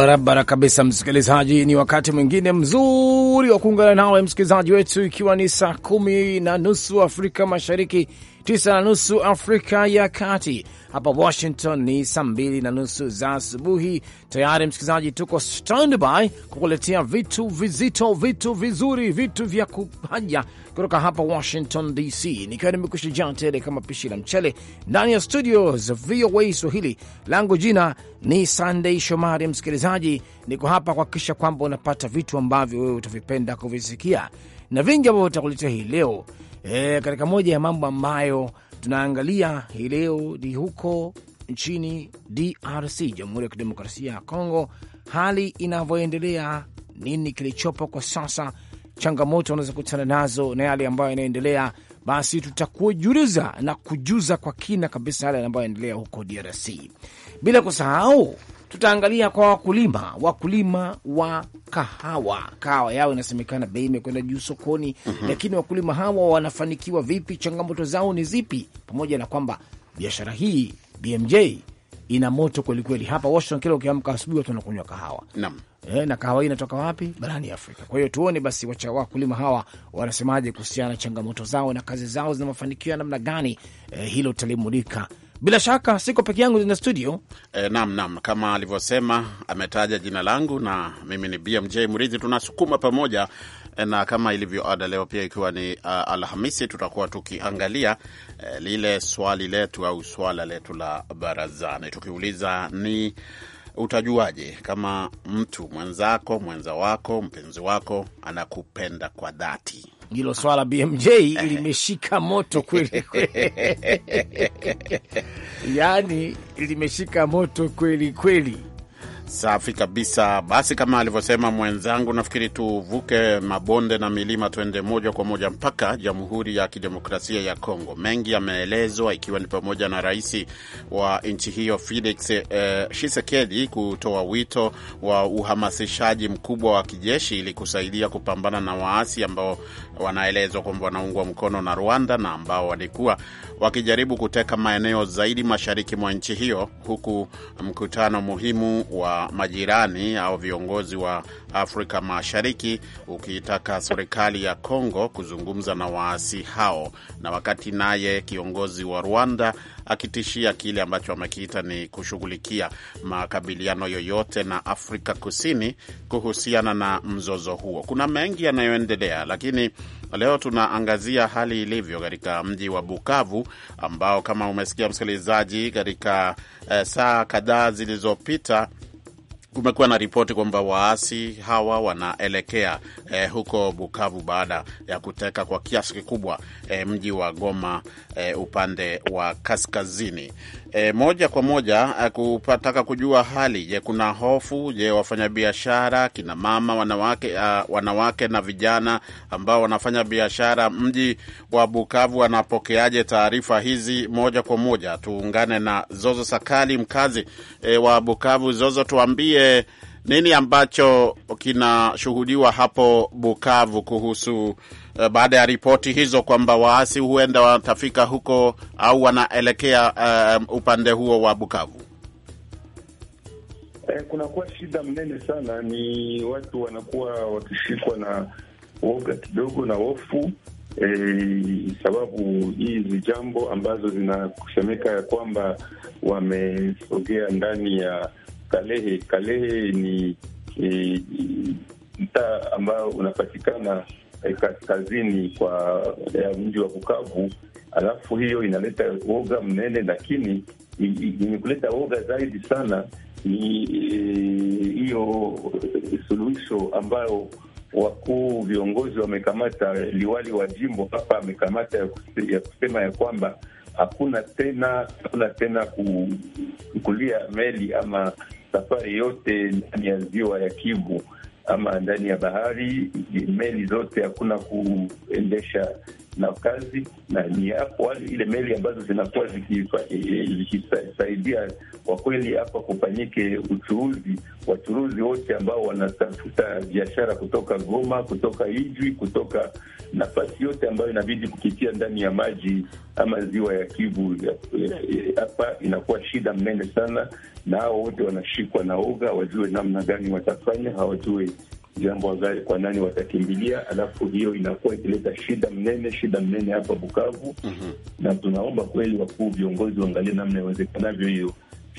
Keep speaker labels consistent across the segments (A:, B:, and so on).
A: barabara kabisa, msikilizaji. Ni wakati mwingine mzuri wa kuungana nawe msikilizaji wetu, ikiwa ni saa kumi na nusu Afrika Mashariki, tisa na nusu Afrika ya Kati. Hapa Washington ni saa mbili na nusu za asubuhi. Tayari msikilizaji, tuko standby kukuletea vitu vizito, vitu vizuri, vitu vya kuhaja kutoka hapa Washington DC, nikiwa nimekusha jaa tele kama pishi la mchele ndani ya studio za VOA Swahili. Langu jina ni sandey Shomari. Msikilizaji, niko hapa kuhakikisha kwamba unapata vitu ambavyo wewe utavipenda kuvisikia na vingi ambavyo utakuletea hii leo E, katika moja ya mambo ambayo tunaangalia hii leo ni huko nchini DRC, Jamhuri ya Kidemokrasia ya Kongo, hali inavyoendelea. Nini kilichopo kwa sasa, changamoto wanaweza kukutana nazo na yale ambayo yanaendelea, basi tutakujuliza na kujuza kwa kina kabisa yale ambayo yanaendelea huko DRC, bila kusahau tutaangalia kwa wakulima, wakulima wa kahawa. Kahawa yao inasemekana bei imekwenda juu sokoni, mm -hmm. Lakini wakulima hawa wanafanikiwa vipi? Changamoto zao ni zipi? Pamoja na kwamba biashara hii BMJ ina moto kwelikweli. Hapa Washington kila ukiamka asubuhi watu wanakunywa kahawa Nam. E, eh, na kahawa hii inatoka wapi? Barani Afrika. Kwa hiyo tuone basi wakulima hawa wanasemaje kuhusiana na changamoto zao na kazi zao zina mafanikio ya namna gani? E, hilo tutalimulika bila shaka siko peke yangu na studio
B: e, eh, nam nam, kama alivyosema ametaja jina langu, na mimi ni BMJ Murithi, tunasukuma pamoja eh, na kama ilivyo ada leo pia ikiwa ni uh, Alhamisi, tutakuwa tukiangalia uh, lile swali letu au swala letu la barazani, tukiuliza ni Utajuaje kama mtu mwenzako, mwenza wako, mpenzi wako anakupenda kwa dhati? Hilo swala BMJ limeshika moto kweli kweli, yani limeshika moto kweli kweli. Safi kabisa. Basi kama alivyosema mwenzangu, nafikiri tuvuke mabonde na milima, tuende moja kwa moja mpaka Jamhuri ya Kidemokrasia ya Kongo. Mengi yameelezwa, ikiwa ni pamoja na rais wa nchi hiyo Felix eh, kutoa wito wa uhamasishaji mkubwa wa kijeshi ili kusaidia kupambana na waasi ambao wanaelezwa kwamba wanaungwa mkono na Rwanda na ambao walikuwa wakijaribu kuteka maeneo zaidi mashariki mwa nchi hiyo, huku mkutano muhimu wa majirani au viongozi wa Afrika Mashariki ukiitaka serikali ya Kongo kuzungumza na waasi hao, na wakati naye kiongozi wa Rwanda akitishia kile ambacho amekiita ni kushughulikia makabiliano yoyote na Afrika Kusini kuhusiana na mzozo huo. Kuna mengi yanayoendelea, lakini leo tunaangazia hali ilivyo katika mji wa Bukavu ambao kama umesikia msikilizaji, katika eh, saa kadhaa zilizopita kumekuwa na ripoti kwamba waasi hawa wanaelekea eh, huko Bukavu baada ya kuteka kwa kiasi kikubwa eh, mji wa Goma eh, upande wa kaskazini. E, moja kwa moja eh, kupataka kujua hali. Je, kuna hofu? Je, wafanyabiashara kina mama, wanawake, uh, wanawake na vijana ambao wanafanya biashara mji wa Bukavu wanapokeaje taarifa hizi? Moja kwa moja tuungane na Zozo Sakali, mkazi e, wa Bukavu. Zozo, tuambie nini ambacho kinashuhudiwa hapo Bukavu kuhusu uh, baada ya ripoti hizo kwamba waasi huenda watafika huko au wanaelekea uh, upande huo wa Bukavu?
C: Eh, kunakuwa shida mnene sana, ni watu wanakuwa wakishikwa na woga kidogo na hofu eh, sababu hizi jambo ambazo zinakusemeka ya kwamba wamesogea ndani ya Kalehe. Kalehe ni e, mtaa ambayo unapatikana e, eh, kaskazini kwa ya mji wa Bukavu. Alafu hiyo inaleta woga mnene, lakini yenye kuleta woga zaidi sana ni eh, hiyo e, suluhisho ambayo wakuu viongozi wamekamata. Liwali wa jimbo hapa amekamata ya kusema ya kwamba hakuna tena hakuna tena kukulia meli ama safari yote ndani ya ziwa ya Kivu ama ndani ya bahari, meli zote hakuna kuendesha na kazi na ni hapo ile meli ambazo zinakuwa zikisaidia kwa kweli hapa kufanyike uchuuzi, wachuruzi wote ambao wanatafuta biashara kutoka Goma, kutoka Ijwi, kutoka nafasi yote ambayo inabidi kupitia ndani ya maji ama ziwa ya Kivu hapa inakuwa shida mnene sana, na hao wote wanashikwa na oga, wajue namna gani watafanya, hawajue jambo angali kwa nani watakimbilia, alafu hiyo inakuwa ikileta shida mnene, shida mnene hapa Bukavu. mm -hmm. Na tunaomba kweli wakuu viongozi waangalie namna iwezekanavyo hiyo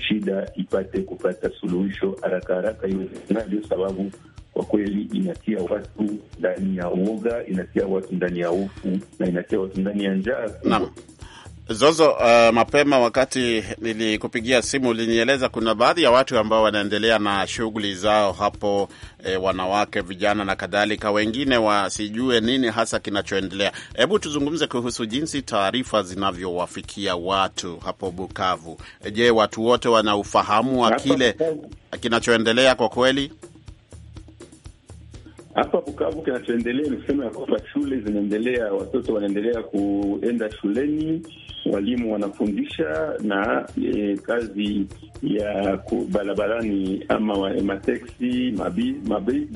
C: shida ipate kupata suluhisho haraka haraka iwezekanavyo, sababu kwa kweli inatia watu ndani ya uoga, inatia watu ndani ya hofu na inatia watu ndani ya njaa.
B: Zozo, uh, mapema wakati nilikupigia simu ulinieleza kuna baadhi ya watu ambao wanaendelea na shughuli zao hapo, eh, wanawake, vijana na kadhalika, wengine wasijue nini hasa kinachoendelea. Hebu tuzungumze kuhusu jinsi taarifa zinavyowafikia watu hapo Bukavu. Je, watu wote wana ufahamu wa kile kinachoendelea kwa kweli? Hapa Bukavu
C: kinachoendelea ni kusema ya kwamba shule zinaendelea, watoto wanaendelea kuenda shuleni walimu wanafundisha na e, kazi ya barabarani ama mateksi mabi, mabi,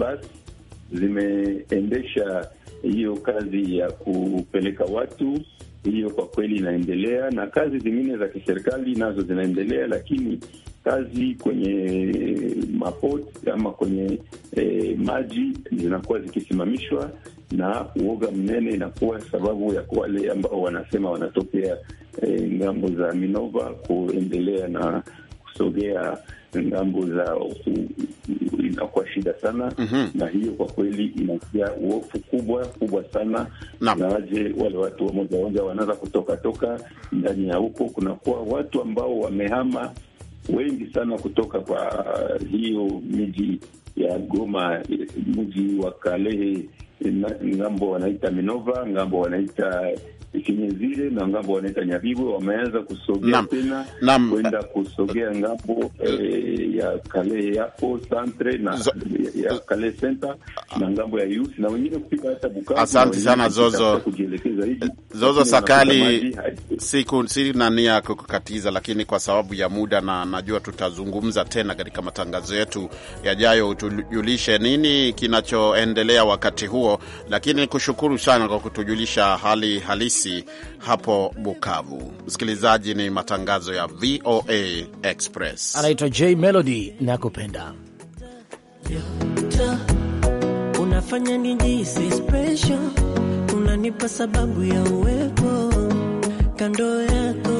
C: zimeendesha hiyo kazi ya kupeleka watu hiyo kwa kweli inaendelea, na kazi zingine za kiserikali nazo zinaendelea, lakini kazi kwenye eh, mapoti ama kwenye eh, maji zinakuwa zikisimamishwa na uoga mnene inakuwa sababu ya wale ambao wanasema wanatokea eh, ngambo za Minova kuendelea na kusogea ngambo za inakuwa shida sana mm -hmm. Na hiyo kwa kweli inatia uofu kubwa kubwa sana na waje wale watu wamoja wanaweza wanaanza kutoka toka ndani ya huko, kunakuwa watu ambao wamehama wengi sana kutoka kwa hiyo miji ya Goma, mji wa Kalehe, ngambo wanaita Minova, ngambo wanaita Kinyezile na ngambo wanaita wameanza kusogea tena kwenda kusogea ngambo e, ya kale yapo santre na Zo, ya kale na ngambo ya Yusi na wengine hata Bukavu. Asante sana Zozo
B: Zozo Sakali, siku na nia ya kukatiza, lakini kwa sababu ya muda na najua tutazungumza tena katika matangazo yetu yajayo, utujulishe nini kinachoendelea wakati huo, lakini kushukuru sana kwa kutujulisha hali halisi DRC hapo Bukavu. Msikilizaji, ni matangazo ya VOA Express. Anaitwa
A: J Melody na kupenda
D: unafanya nijihisi special, unanipa sababu ya uwepo kando yako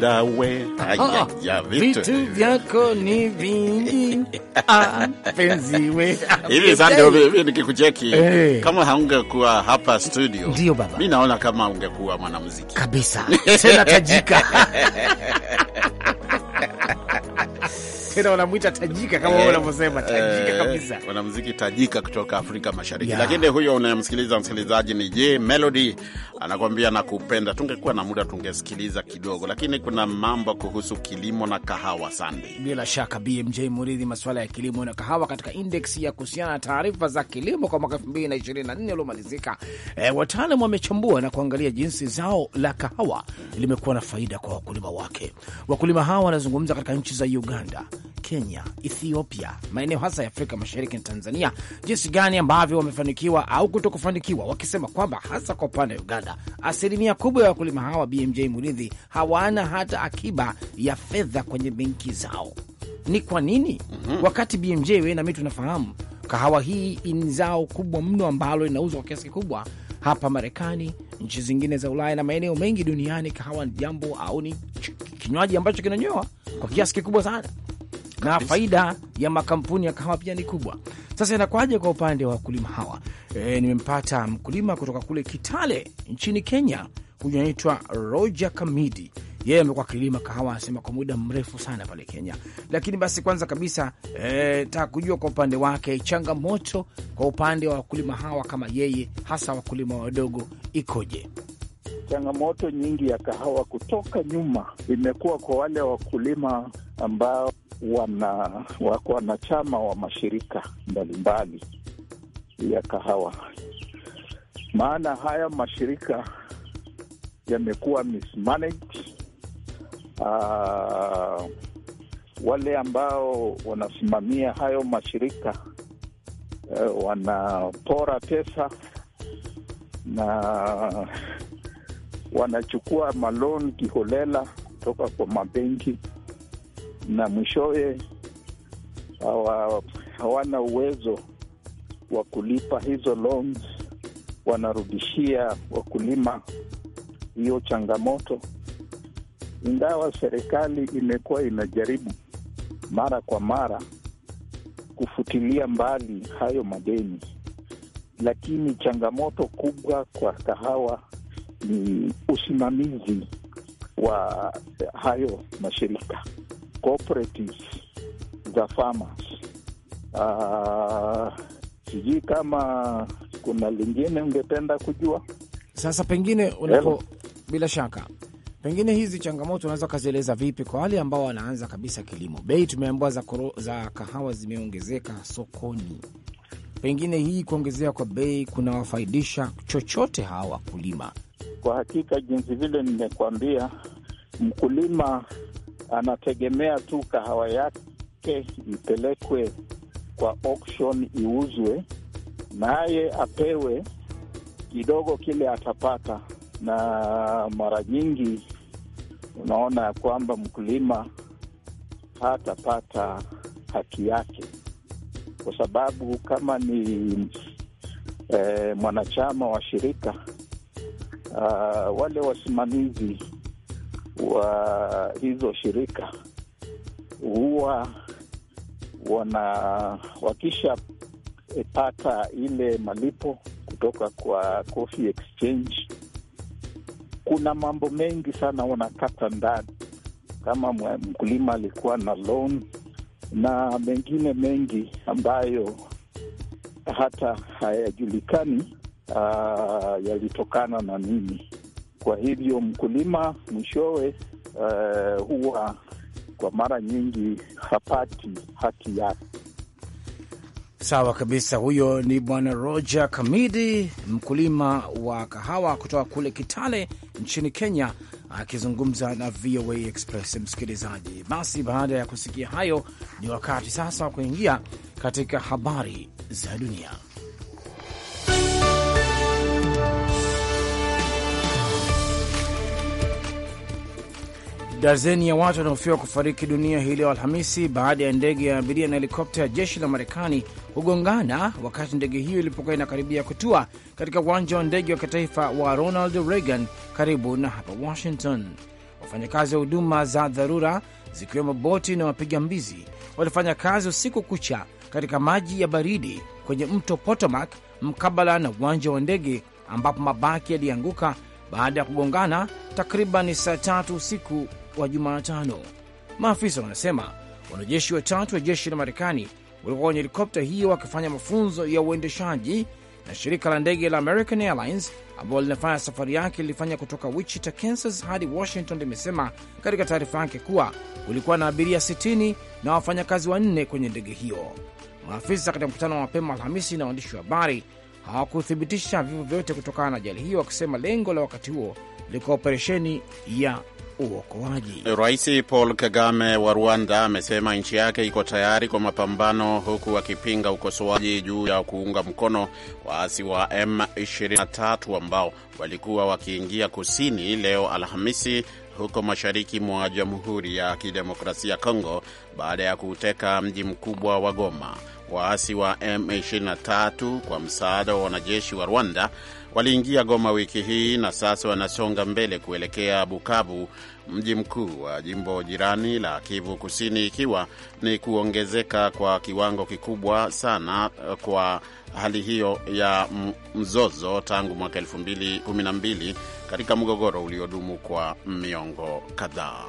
B: Ngawe haya ah, ya vitu vitu eh.
A: vyako ni vingi ah, penzi we
B: hivi sasa, hivi nikikucheki eh. kama haungekuwa hapa studio, ndio baba, mimi naona kama ungekuwa mwanamuziki kabisa, tena tajika
A: tena wanamwita tajika kama yeah, eh, unavyosema tajika kabisa,
B: wanamuziki tajika kutoka Afrika Mashariki yeah. Lakini huyo unayemsikiliza msikilizaji ni je Melody anakwambia nakupenda. Tungekuwa na muda tungesikiliza kidogo, lakini kuna mambo kuhusu kilimo na kahawa. Sande,
A: bila shaka BMJ Muridhi, masuala ya kilimo na kahawa katika indeksi ya kuhusiana na taarifa za kilimo kwa mwaka 2024 uliomalizika. E, wataalam wamechambua na kuangalia jinsi zao la kahawa limekuwa na faida kwa wakulima wake. Wakulima hawa wanazungumza katika nchi za Uganda, Kenya, Ethiopia, maeneo hasa ya Afrika Mashariki na Tanzania, jinsi gani ambavyo wamefanikiwa au kutokufanikiwa, wakisema kwamba hasa kwa upande wa Uganda fedha. Asilimia kubwa ya wakulima hawa BMJ Muridhi hawana hata akiba ya fedha kwenye benki zao. Ni kwa nini? mm -hmm. Wakati BMJ wewe na mimi tunafahamu kahawa hii ni zao kubwa mno ambalo linauzwa kwa kiasi kikubwa hapa Marekani, nchi zingine za Ulaya na maeneo mengi duniani. Kahawa ni jambo au ni kinywaji ambacho kinanyoa kwa kiasi kikubwa sana na faida ya makampuni ya kahawa pia ni kubwa. Sasa inakwaje kwa upande wa wakulima hawa? E, nimempata mkulima kutoka kule Kitale nchini Kenya, huyu anaitwa Roger Kamidi. Yeye amekuwa akilima kahawa anasema kwa muda mrefu sana pale Kenya. Lakini basi kwanza kabisa e, taka kujua kwa upande wake changamoto kwa upande wa wakulima hawa kama yeye, hasa wakulima wadogo ikoje?
E: Changamoto nyingi ya kahawa kutoka nyuma imekuwa kwa wale wakulima ambao wana wako wanachama wa mashirika mbalimbali ya kahawa, maana haya mashirika yamekuwa mismanaged. Uh, wale ambao wanasimamia hayo mashirika uh, wanapora pesa na wanachukua maloni kiholela kutoka kwa mabenki na mwishowe hawana uwezo wa kulipa hizo loans, wanarudishia wakulima hiyo changamoto, ingawa serikali imekuwa inajaribu mara kwa mara kufutilia mbali hayo madeni, lakini changamoto kubwa kwa kahawa ni usimamizi wa hayo mashirika cooperatives za farmers. Ah, sijui kama kuna lingine ungependa
A: kujua. Sasa pengine unapo, bila shaka pengine hizi changamoto unaweza ukazieleza vipi kwa wale ambao wanaanza kabisa kilimo? Bei tumeambiwa za, za kahawa zimeongezeka sokoni, pengine hii kuongezea kwa bei kunawafaidisha chochote hawa wakulima?
E: Kwa hakika, jinsi vile nimekuambia, mkulima anategemea tu kahawa yake ipelekwe kwa auction iuzwe, naye apewe kidogo kile atapata. Na mara nyingi unaona ya kwamba mkulima hatapata haki yake, kwa sababu kama ni eh, mwanachama wa shirika uh, wale wasimamizi wa hizo shirika huwa wana wakishapata ile malipo kutoka kwa Coffee Exchange, kuna mambo mengi sana wanakata ndani, kama mkulima alikuwa na loan na mengine mengi ambayo hata hayajulikani uh, yalitokana na nini. Kwa hivyo mkulima mwishowe, uh, huwa kwa mara nyingi hapati haki yake.
A: Sawa kabisa, huyo ni Bwana Roger Kamidi, mkulima wa kahawa kutoka kule Kitale nchini Kenya, akizungumza na VOA Express. Msikilizaji, basi baada ya kusikia hayo, ni wakati sasa wa kuingia katika habari za dunia. Dazeni ya watu wanaofiwa kufariki dunia hii leo Alhamisi baada ya ndege ya abiria na helikopta ya jeshi la Marekani kugongana wakati ndege hiyo ilipokuwa inakaribia kutua katika uwanja wa ndege wa kitaifa wa Ronald Reagan karibu na hapa Washington. Wafanyakazi wa huduma za dharura zikiwemo boti na wapiga mbizi walifanya kazi usiku kucha katika maji ya baridi kwenye mto Potomac mkabala na uwanja wa ndege ambapo mabaki yalianguka baada ya kugongana takriban saa tatu usiku wa Jumatano. Maafisa wanasema wanajeshi watatu wa jeshi la Marekani walikuwa kwenye helikopta hiyo wakifanya mafunzo ya uendeshaji, na shirika la ndege la American Airlines ambalo linafanya safari yake lilifanya kutoka Wichita, Kansas hadi Washington limesema katika taarifa yake kuwa kulikuwa na abiria 60 na wafanyakazi wanne kwenye ndege hiyo. Maafisa katika mkutano wa mapema Alhamisi na waandishi wa habari hawakuthibitisha vifo vyote kutokana na ajali hiyo, wakisema lengo la wakati huo lilikuwa operesheni ya uokoaji.
B: Rais Paul Kagame wa Rwanda amesema nchi yake iko tayari kwa mapambano, huku akipinga ukosoaji juu ya kuunga mkono waasi wa M23 ambao walikuwa wakiingia kusini leo Alhamisi huko mashariki mwa Jamhuri ya Kidemokrasia Kongo baada ya kuuteka mji mkubwa wa Goma. Waasi wa M23 kwa msaada wa wanajeshi wa Rwanda waliingia Goma wiki hii na sasa wanasonga mbele kuelekea Bukavu, mji mkuu wa jimbo jirani la Kivu Kusini, ikiwa ni kuongezeka kwa kiwango kikubwa sana eh, kwa hali hiyo ya mzozo tangu mwaka 2012 katika mgogoro uliodumu kwa miongo kadhaa.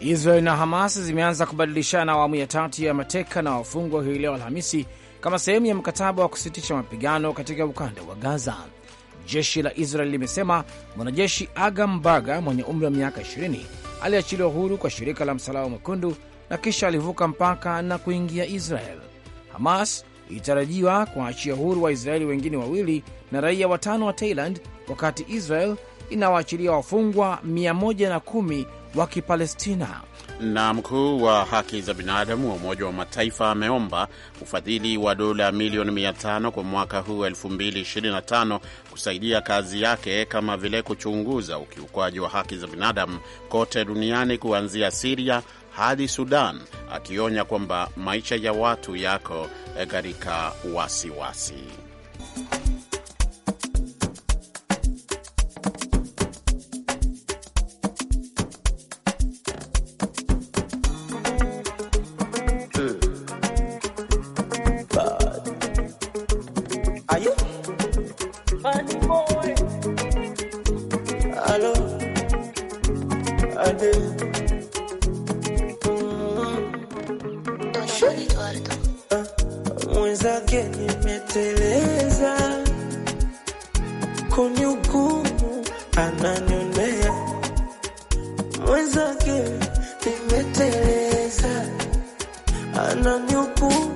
A: Israel na Hamas zimeanza kubadilishana awamu ya tatu ya mateka na wafungwa hii leo Alhamisi kama sehemu ya mkataba wa kusitisha mapigano katika ukanda wa Gaza. Jeshi la Israel limesema mwanajeshi Agam Baga mwenye umri wa miaka 20 aliachiliwa huru kwa shirika la Msalaba Mwekundu na kisha alivuka mpaka na kuingia Israel. Hamas ilitarajiwa kuwaachia huru Waisraeli wengine wawili na raia watano wa Thailand, wakati Israel inawaachilia wafungwa 110 wa Kipalestina.
B: Na mkuu wa haki za binadamu wa Umoja wa Mataifa ameomba ufadhili wa dola milioni 500 kwa mwaka huu 2025 kusaidia kazi yake kama vile kuchunguza ukiukwaji wa haki za binadamu kote duniani kuanzia Siria hadi Sudan, akionya kwamba maisha ya watu yako katika wasiwasi.
F: na meu corpo.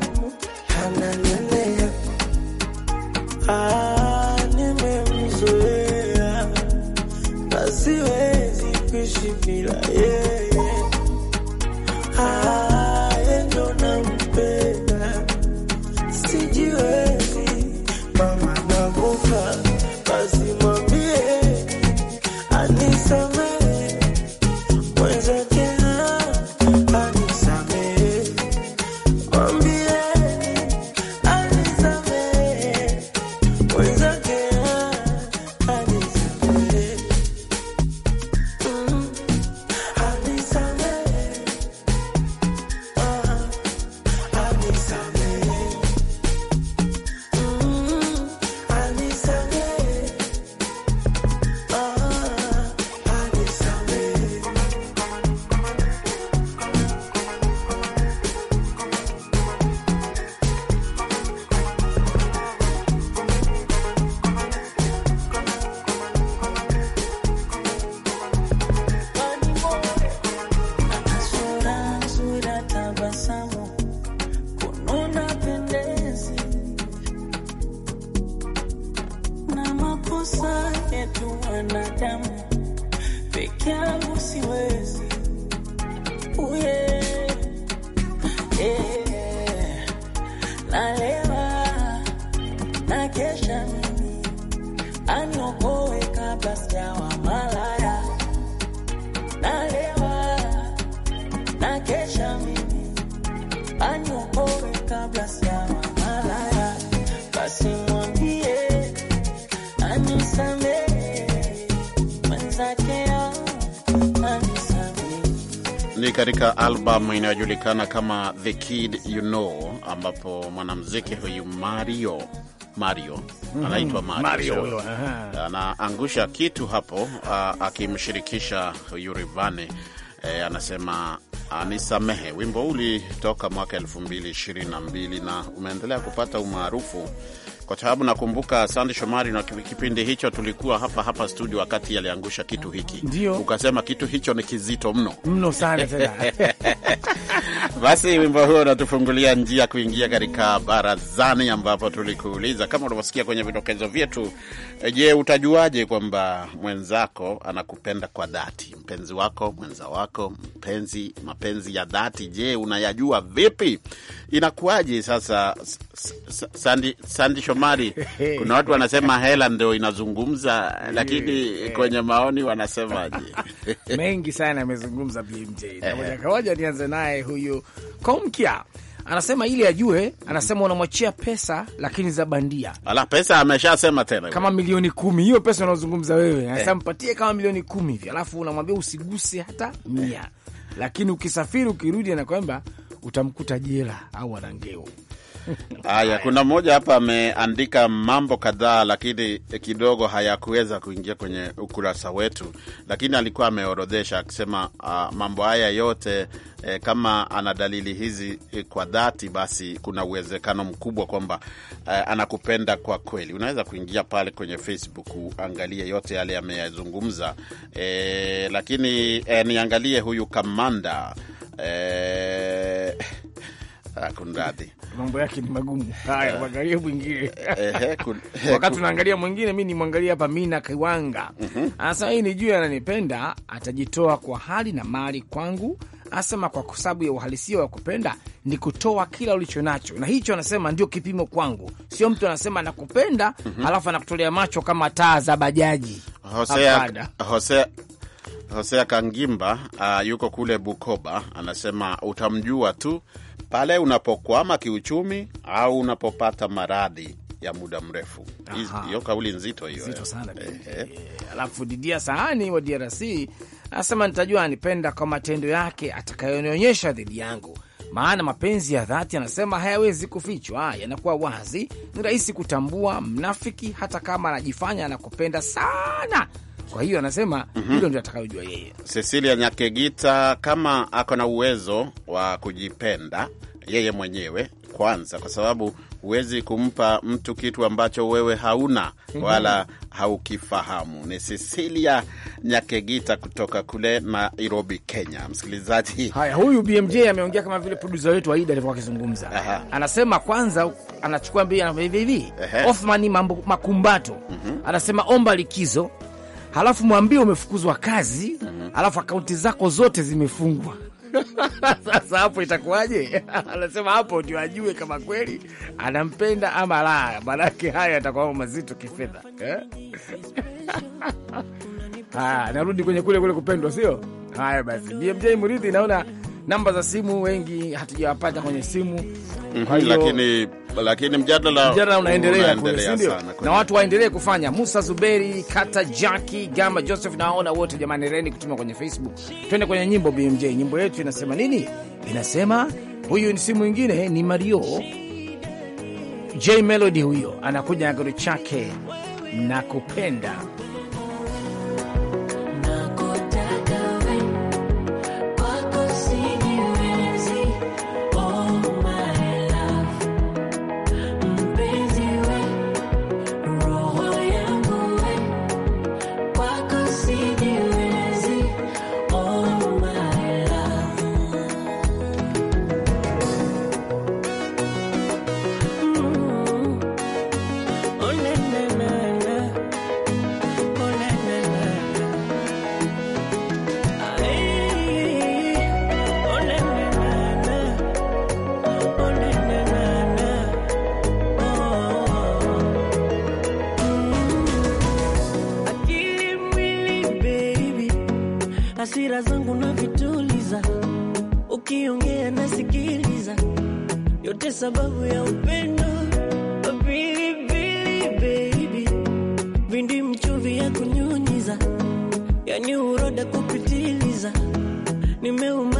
B: ni katika albamu inayojulikana kama The Kid You Know, ambapo mwanamuziki huyu Mario Mario mm -hmm. anaitwa Mario, Mario anaangusha kitu hapo akimshirikisha Rivane E, anasema anisamehe. Wimbo huu ulitoka mwaka 222 na umeendelea kupata umaarufu kwa sababu nakumbuka Asante Shomari, na kipindi hicho tulikuwa hapa hapa studio wakati aliangusha kitu hiki, ndio ukasema kitu hicho ni kizito mno
A: mno sana tena.
B: Basi wimbo huo unatufungulia njia kuingia katika barazani, ambapo tulikuuliza kama ulivyosikia kwenye vidokezo vyetu. Je, utajuaje kwamba mwenzako anakupenda kwa dhati? Mpenzi wako, mwenza wako, mpenzi, mapenzi ya dhati, je, unayajua vipi? Inakuwaje sasa, Sandi Shomari? Shomari,
A: kuna watu wanasema hela
B: ndio inazungumza, eh, lakini eh. kwenye maoni wanasemaje?
A: mengi sana
B: amezungumza BMJ
A: eh. na moja kwa moja nianze naye huyu Komkia anasema ili ajue, anasema unamwachia pesa lakini za bandia.
B: Ala, pesa ameshasema tena kama milioni kumi. Hiyo pesa unaozungumza wewe, anasema
A: mpatie kama milioni kumi hivi, alafu unamwambia usiguse hata mia, lakini ukisafiri ukirudi, anakwamba utamkuta jela au anangeo
B: Haya, kuna mmoja hapa ameandika mambo kadhaa, lakini kidogo hayakuweza kuingia kwenye ukurasa wetu, lakini alikuwa ameorodhesha akisema, uh, mambo haya yote eh, kama ana dalili hizi eh, kwa dhati, basi kuna uwezekano mkubwa kwamba eh, anakupenda kwa kweli. Unaweza kuingia pale kwenye Facebook uangalie yote yale ameyazungumza, eh, lakini eh, niangalie huyu kamanda eh, Ah, Kunradhi, mambo
A: yake ni magumu. Haya, mwangalie eh. mwingine.
B: Eh, Wakati tunaangalia
A: mwingine, mi nimwangalia hapa Mina Kiwanga mhm. anasema ah, hii ni juu ananipenda, atajitoa kwa hali na mali kwangu, asema kwa sababu ya uhalisia wa kupenda ni kutoa kila ulicho nacho, na hicho anasema ndio kipimo kwangu. Sio mtu anasema nakupenda mhm. alafu anakutolea macho kama taa za bajaji.
B: Hosea, Hosea Hosea Kangimba uh, yuko kule Bukoba, anasema utamjua tu pale unapokwama kiuchumi au unapopata maradhi ya muda mrefu. Hiyo kauli nzito hiyo, nzito eh.
A: sana. Alafu Didia Sahani wa DRC anasema nitajua anipenda kwa matendo yake atakayonionyesha dhidi yangu, maana mapenzi ya dhati anasema hayawezi kufichwa, yanakuwa wazi, ni rahisi kutambua mnafiki, hata kama anajifanya anakupenda sana
B: kwa hiyo anasema mm -hmm. hilo ndio atakayojua yeye. Cecilia Nyakegita kama ako na uwezo wa kujipenda yeye mwenyewe kwanza, kwa sababu huwezi kumpa mtu kitu ambacho wewe hauna mhm. wala haukifahamu. Ni Cecilia Nyakegita kutoka kule Nairobi, Kenya. Msikilizaji, haya, huyu
A: BMJ ameongea kama vile produsa wetu Aida alivyokuwa akizungumza. Anasema kwanza, anachukua mbili hivi hivi Othmani makumbato. Mhm. anasema omba likizo halafu mwambie umefukuzwa kazi alafu halafu akaunti zako zote zimefungwa. Sasa hapo itakuwaje? Anasema hapo ndio ajue kama kweli anampenda ama la, maanake hayo atakuwa mazito kifedha eh? Narudi kwenye kule kule kupendwa, sio haya. Basi BMJ Muridhi, naona namba za simu wengi hatujawapata kwenye simu mm -hmm,
B: lakini, lakini mjadala mjadala unaendelea kule, si ndio?
A: Na watu waendelee kufanya. Musa Zuberi Kata Jaki gama Joseph, naona wote jamani, reni kutuma kwenye Facebook. Twende kwenye nyimbo BMJ. Nyimbo yetu inasema nini? Inasema huyu ni simu ingine ni Mario J Melody, huyo anakuja na kitu chake na kupenda
D: upate sababu ya upendo oh, baby, vindi mchuvi ya kunyunyiza, yani uroda kupitiliza nimeuma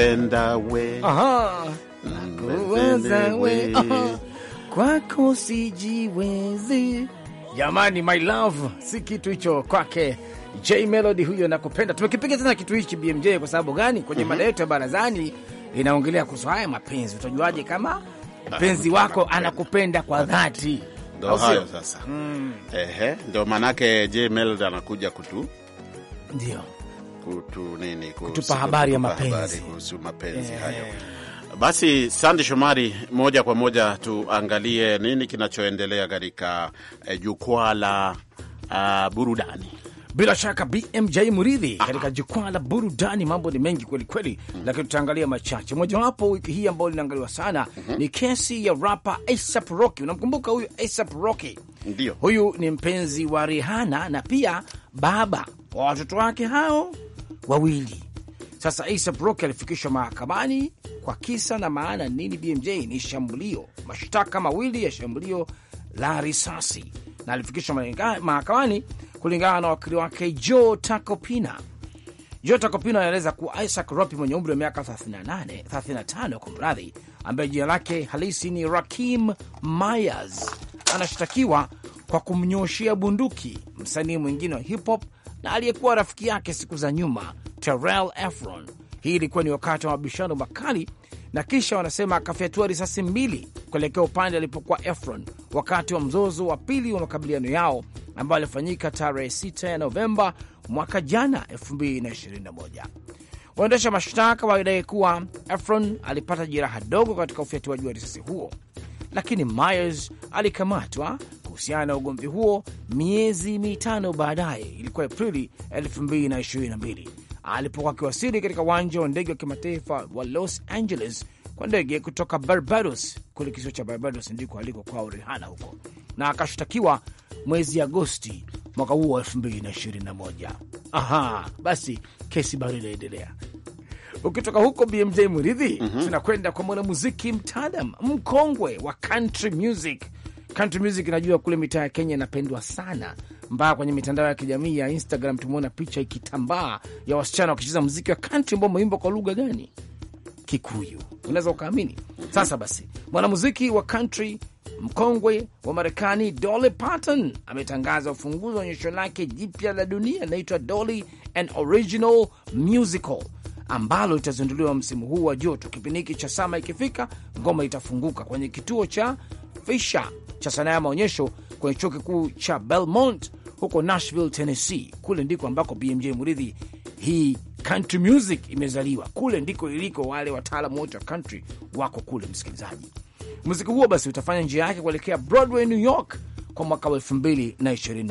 B: nakupenda we, nakuwaza we,
A: kwako sijiwezi. Jamani, my love, si kitu hicho kwake J Melody huyo, nakupenda. Tumekipiga tena kitu hichi BMJ kwa sababu gani? Kwenye mhm. mada yetu ya barazani inaongelea kuhusu haya mapenzi. Utajuaje kama ah, mpenzi wako anakupenda kwa dhati?
B: Ndo hayo sasa, mm. Ehe, ndo maanake J Melody anakuja kutu ndio kutu, nini, kutupa habari ya mapenzi kuhusu mapenzi yeah, hayo. Basi Sande Shomari, moja kwa moja tuangalie nini kinachoendelea katika eh, jukwaa la uh, burudani.
A: Bila shaka BMJ Muridhi, ah. katika jukwaa la burudani mambo ni mengi kweli kweli, mm -hmm. lakini tutaangalia machache. Mojawapo wiki hii ambayo linaangaliwa sana mm -hmm. ni kesi ya rapa ASAP Rocky. Unamkumbuka huyu ASAP Rocky? Ndio, huyu ni mpenzi wa Rihanna na pia baba wa watoto wake hao wawili. Sasa Asap Brook alifikishwa mahakamani kwa kisa na maana nini? BMJ ni shambulio, mashtaka mawili ya shambulio la risasi, na alifikishwa mahakamani kulingana na wakili wake Joe Tacopina. Joe Takopina anaeleza kuwa Isaac Ropi mwenye umri wa miaka 38, 35 kwa mradhi, ambaye jina lake halisi ni Rakim Myers, anashtakiwa kwa kumnyoshia bunduki msanii mwingine wa hip hop na aliyekuwa rafiki yake siku za nyuma Terrell Efron. Hii ilikuwa ni wakati wa mabishano makali, na kisha wanasema akafyatua risasi mbili kuelekea upande alipokuwa Efron wakati wa mzozo wa pili wa makabiliano yao ambayo alifanyika tarehe 6 ya Novemba mwaka jana 2021. Waendesha mashtaka walidai kuwa Efron alipata jeraha dogo katika ufyatuaji wa risasi huo, lakini Myers alikamatwa kuhusiana na ugomvi huo miezi mitano baadaye, ilikuwa Aprili 2022 alipokuwa akiwasili katika uwanja wa ndege wa kimataifa wa Los Angeles kwa ndege kutoka Barbados kule kisiwa cha Barbados ndiko aliko kwao Rihanna huko, na akashtakiwa mwezi Agosti mwaka huo wa 2021. Aha, basi kesi bado inaendelea. Ukitoka huko BMJ Muridhi, mm -hmm. tunakwenda kwa mwanamuziki mtaalam mkongwe wa country music Country music najua kule mitaa ya Kenya inapendwa sana, mbaya kwenye mitandao ya kijamii ya Instagram tumeona picha ikitambaa ya wasichana wakicheza mziki wa country ambao umeimbwa kwa lugha gani? Kikuyu. Unaweza ukaamini? Sasa basi, mwanamuziki wa country mkongwe wa Marekani Dolly Parton ametangaza ufunguzi wa onyesho lake jipya la dunia inaitwa Dolly an Original Musical ambalo litazinduliwa msimu huu wa joto. Kipindi hiki cha sama ikifika, ngoma itafunguka kwenye kituo cha Fisher cha sanaa ya maonyesho kwenye chuo kikuu cha Belmont huko Nashville, Tennessee. Kule ndiko ambako BMJ Muridhi, hii country music imezaliwa, kule ndiko iliko, wale wataalamu wote wa country wako kule, msikilizaji. Muziki huo basi utafanya njia yake kuelekea Broadway, New York kwa mwaka wa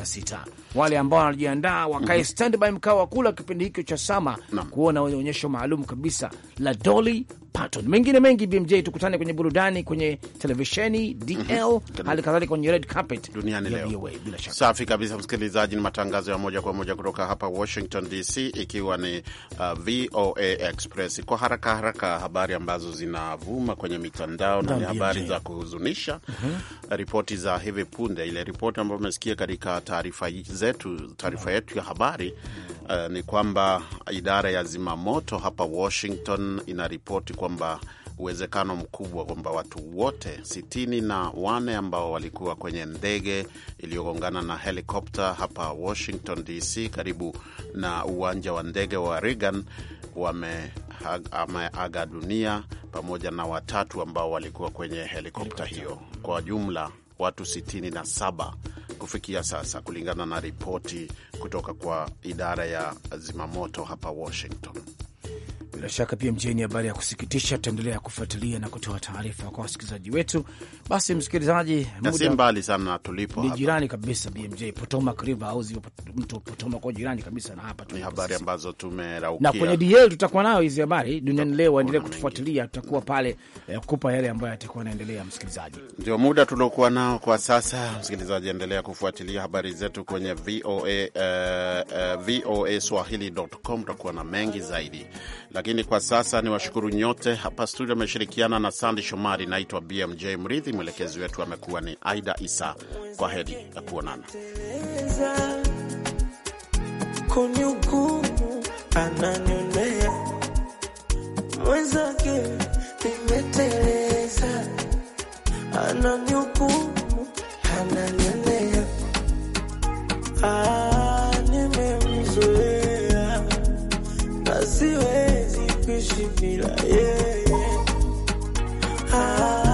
A: sita. Wale ambao wanajiandaa wakae mm -hmm. standby mkao wa kula kipindi hicho cha sama kuona onyesho maalum kabisa la Dolly Patton. Mengine mengi BMJ, tukutane kwenye burudani, kwenye televisheni DL, mhm. hali
B: kadhalika kwenye red carpet duniani leo. Bila shaka safi kabisa, msikilizaji, ni matangazo ya moja kwa moja kutoka hapa Washington DC, ikiwa ni uh, VOA Express. Kwa haraka haraka, habari ambazo zinavuma kwenye mitandao na habari za kuhuzunisha uh mhm. -huh. Ripoti za hivi punde, ile ripoti ambayo umesikia katika taarifa zetu, taarifa yetu ya habari uh -huh. Eh, ni kwamba idara ya zimamoto hapa Washington inaripoti kwamba uwezekano mkubwa kwamba watu wote sitini na wane ambao walikuwa kwenye ndege iliyogongana na helikopta hapa Washington DC karibu na uwanja wa ndege wa Reagan wameaga dunia pamoja na watatu ambao walikuwa kwenye helikopta hiyo. Kwa jumla watu 67 kufikia sasa, kulingana na ripoti kutoka kwa idara ya zimamoto hapa Washington.
A: Bila shaka pia mjeni, habari ya kusikitisha, tutaendelea kufuatilia na kutoa taarifa kwa wasikilizaji wetu. Basi msikilizaji,
B: si mbali sana tulipo, ni jirani
A: kabisa. BMJ Potomac River au ziwa mto Potomac kwa jirani kabisa na
B: hapa, ni habari ambazo tumeraukia, na kwenye
A: DL tutakuwa nayo hizi habari duniani leo. Waendelee kutufuatilia, tutakuwa pale eh, kupa yale ambayo yatakuwa yanaendelea. Msikilizaji,
B: ndio muda tuliokuwa nao kwa sasa. Msikilizaji, endelea kufuatilia habari zetu kwenye VOA, uh, eh, uh, eh, swahili.com. Tutakuwa na mengi zaidi lakini lakini kwa sasa ni washukuru nyote hapa studio. Ameshirikiana na Sandi Shomari. Naitwa BMJ Mridhi, mwelekezi wetu amekuwa ni Aida Isa. Kwa heri ya kuonana
F: kuishi bila yeye ah.